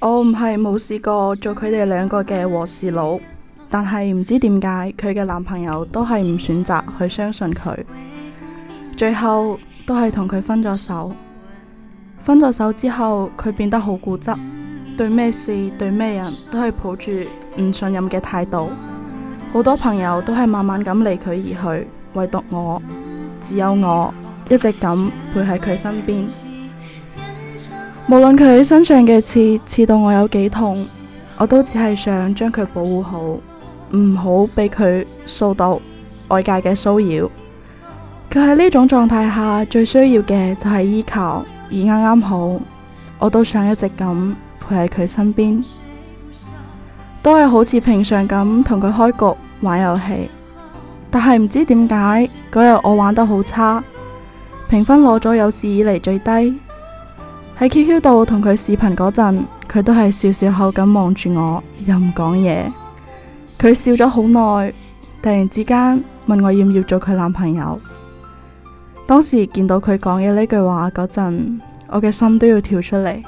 我唔係冇試過做佢哋兩個嘅和事佬，但係唔知點解佢嘅男朋友都係唔選擇去相信佢，最後都係同佢分咗手。分咗手之後，佢變得好固執，對咩事對咩人都係抱住唔信任嘅態度。好多朋友都係慢慢咁離佢而去，唯獨我，只有我一直咁陪喺佢身邊。無論佢身上嘅刺刺到我有幾痛，我都只係想將佢保護好，唔好俾佢受到外界嘅騷擾。佢喺呢種狀態下最需要嘅就係依靠，而啱啱好，我都想一直咁陪喺佢身邊，都係好似平常咁同佢開局玩遊戲。但係唔知點解嗰日我玩得好差，評分攞咗有史以嚟最低。喺 QQ 度同佢視頻嗰陣，佢都係笑笑口咁望住我，又唔講嘢。佢笑咗好耐，突然之間問我要唔要做佢男朋友。當時見到佢講嘅呢句話嗰陣，我嘅心都要跳出嚟。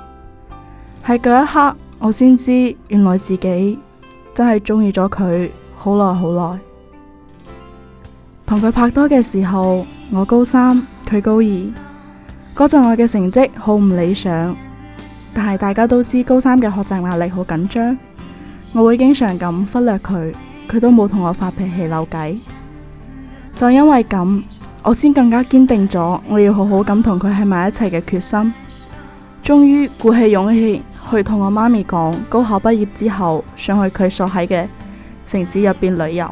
喺嗰一刻，我先知原來自己真係鍾意咗佢好耐好耐。同佢拍拖嘅時候，我高三，佢高二。嗰陣我嘅成績好唔理想，但係大家都知高三嘅學習壓力好緊張，我會經常咁忽略佢，佢都冇同我發脾氣扭計。就因為咁，我先更加堅定咗我要好好咁同佢喺埋一齊嘅決心。終於鼓起勇氣去同我媽咪講，高考畢業之後想去佢所喺嘅城市入邊旅遊。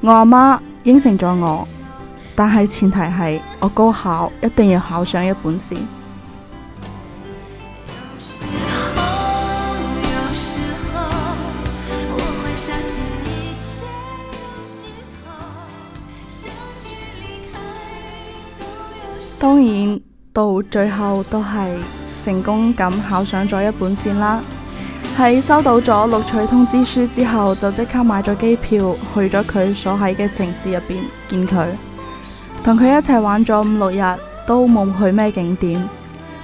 我阿媽應承咗我。但係前提係我高考一定要考上一本線。當然到最後都係成功咁考上咗一本線啦。喺收到咗錄取通知書之後，就即刻買咗機票去咗佢所喺嘅城市入邊見佢。同佢一齊玩咗五六日，都冇去咩景點，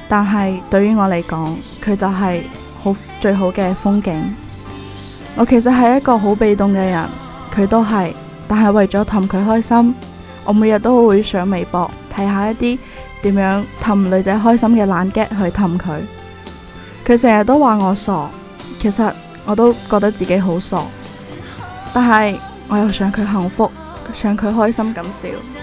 但係對於我嚟講，佢就係好最好嘅風景。我其實係一個好被動嘅人，佢都係，但係為咗氹佢開心，我每日都會上微博睇下一啲點樣氹女仔開心嘅冷 g 去氹佢。佢成日都話我傻，其實我都覺得自己好傻，但係我又想佢幸福，想佢開心咁笑。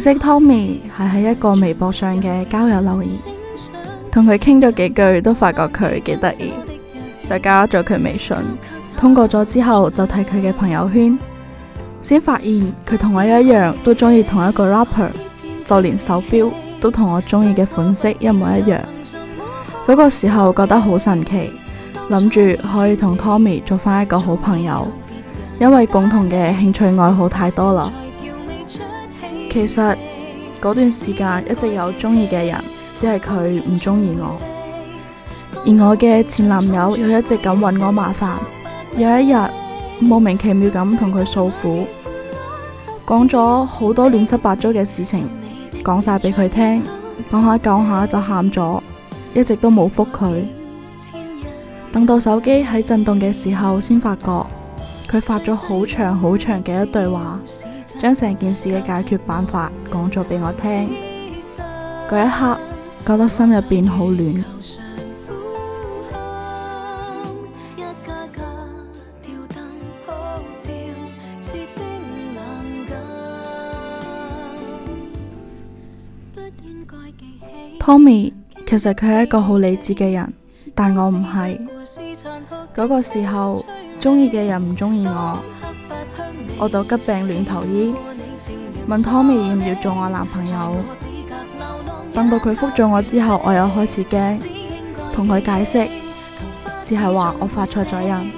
認識 Tommy 係喺一個微博上嘅交友留言，同佢傾咗幾句，都發覺佢幾得意，就加咗佢微信。通過咗之後，就睇佢嘅朋友圈，先發現佢同我一樣都中意同一個 rapper，就連手錶都同我中意嘅款式一模一樣。嗰個時候覺得好神奇，諗住可以同 Tommy 做翻一個好朋友，因為共同嘅興趣愛好太多啦。其實嗰段時間一直有中意嘅人，只係佢唔中意我。而我嘅前男友又一直咁搵我麻煩。有一日，莫名其妙咁同佢訴苦，講咗好多亂七八糟嘅事情，講晒俾佢聽，講下講下就喊咗，一直都冇覆佢。等到手機喺震動嘅時候，先發覺佢發咗好長好長嘅一段話。將成件事嘅解決辦法講咗畀我聽，嗰一刻覺得心入邊好暖。Tommy 其實佢係一個好理智嘅人，但我唔係。嗰個時候，鍾意嘅人唔鍾意我。我就急病亂投醫，問 Tommy 要唔要做我男朋友。等到佢覆咗我之後，我又開始驚，同佢解釋，只係話我發錯咗人。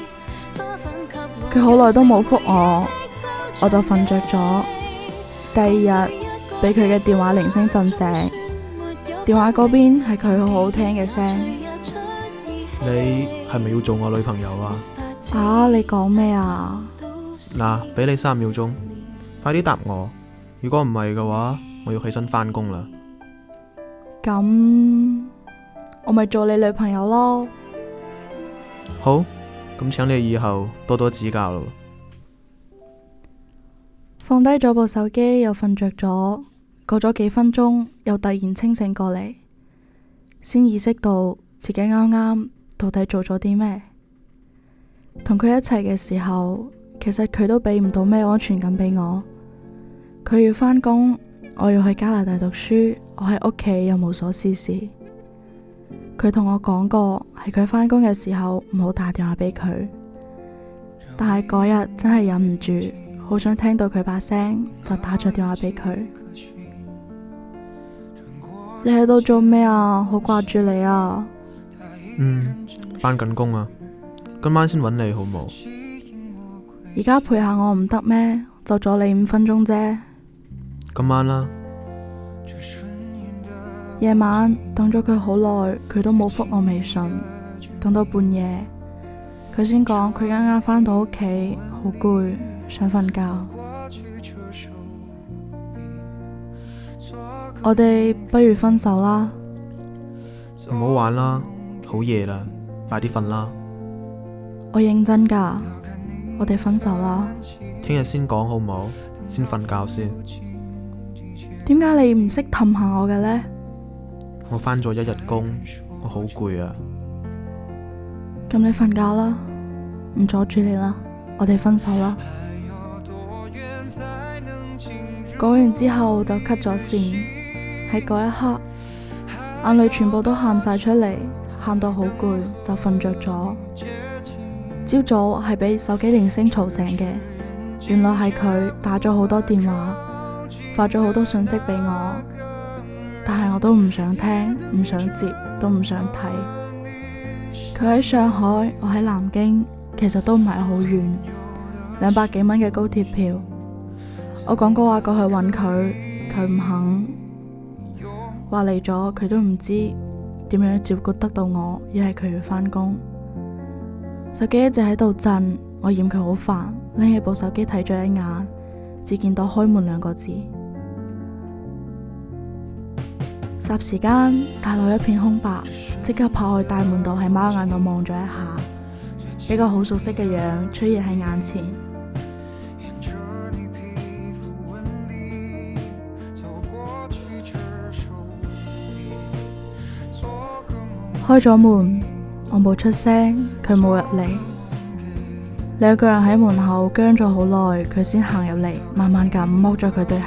佢好耐都冇覆我，我就瞓着咗。第二日俾佢嘅電話鈴聲震醒，電話嗰邊係佢好好聽嘅聲。你係咪要做我女朋友啊？啊！你講咩啊？嗱，俾你三秒鐘，快啲答我。如果唔係嘅話，我要起身翻工啦。咁我咪做你女朋友咯。好，咁請你以後多多指教咯。放低咗部手機，又瞓着咗，過咗幾分鐘，又突然清醒過嚟，先意識到自己啱啱到底做咗啲咩，同佢一齊嘅時候。其實佢都俾唔到咩安全感俾我，佢要返工，我要去加拿大讀書，我喺屋企又無所事事。佢同我講過，係佢返工嘅時候唔好打電話俾佢。但係嗰日真係忍唔住，好想聽到佢把聲，就打咗電話俾佢。你喺度做咩啊？好掛住你啊！嗯，返緊工啊，今晚先揾你好冇？而家陪下我唔得咩？就阻你五分鐘啫。今晚啦。夜晚等咗佢好耐，佢都冇覆我微信。等到半夜，佢先講佢啱啱返到屋企，好攰，想瞓覺。我哋不如分手啦。唔好玩啦，好夜啦，快啲瞓啦。我認真㗎。我哋分手啦，聽日先講好唔好？先瞓覺先。點解你唔識氹下我嘅呢？我翻咗一日工，我好攰啊。咁你瞓覺啦，唔阻住你啦。我哋分手啦。講完之後就 cut 咗線，喺嗰一刻，眼淚全部都喊晒出嚟，喊到好攰就瞓着咗。朝早係俾手機鈴聲嘈醒嘅，原來係佢打咗好多電話，發咗好多信息畀我，但係我都唔想聽，唔想接，都唔想睇。佢喺上海，我喺南京，其實都唔係好遠，兩百幾蚊嘅高鐵票。我講過話過去揾佢，佢唔肯，話嚟咗佢都唔知點樣照顧得到我，而係佢要返工。手機一直喺度震，我嫌佢好煩，拎起部手機睇咗一眼，只見到開門兩個字。霎時間，大腦一片空白，即刻跑去大門度，喺貓眼度望咗一下，一個好熟悉嘅樣出現喺眼前，開咗門。我冇出聲，佢冇入嚟，兩個人喺門口僵咗好耐，佢先行入嚟，慢慢咁剝咗佢對鞋。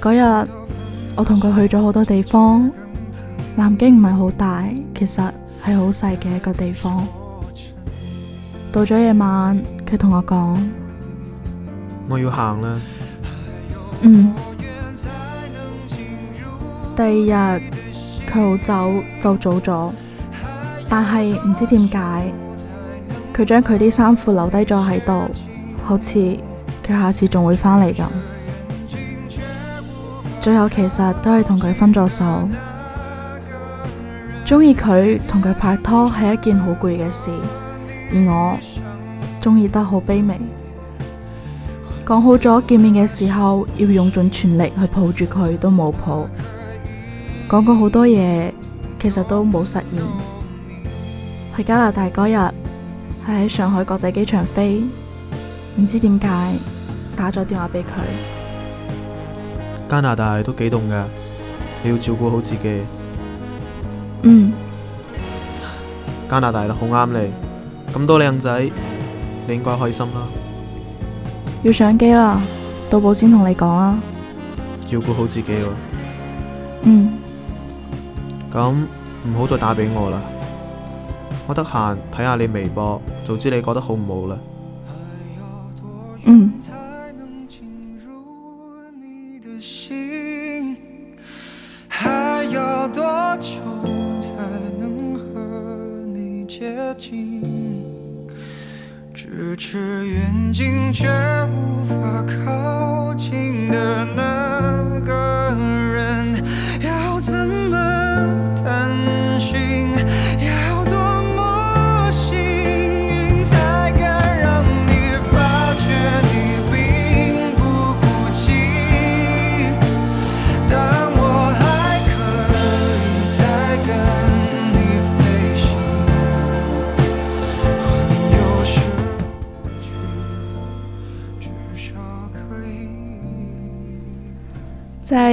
嗰日我同佢去咗好多地方，南京唔係好大，其實係好細嘅一個地方。到咗夜晚，佢同我講：我要行啦。嗯。第二日佢好早，就走咗。但係唔知點解，佢將佢啲衫褲留低咗喺度，好似佢下次仲會翻嚟咁。最後其實都係同佢分咗手，中意佢同佢拍拖係一件好攰嘅事，而我中意得好卑微。講好咗見面嘅時候要用盡全力去抱住佢，都冇抱。講過好多嘢，其實都冇實現。喺加拿大嗰日，係喺上海國際機場飛，唔知點解打咗電話俾佢。加拿大都幾凍噶，你要照顧好自己。嗯。加拿大好啱你，咁多靚仔，你應該開心啦。要上機啦，到埗先同你講啦。照顧好自己喎。嗯。咁唔好再打畀我啦。我得閒睇下你微博，就知你過得好唔好啦。嗯。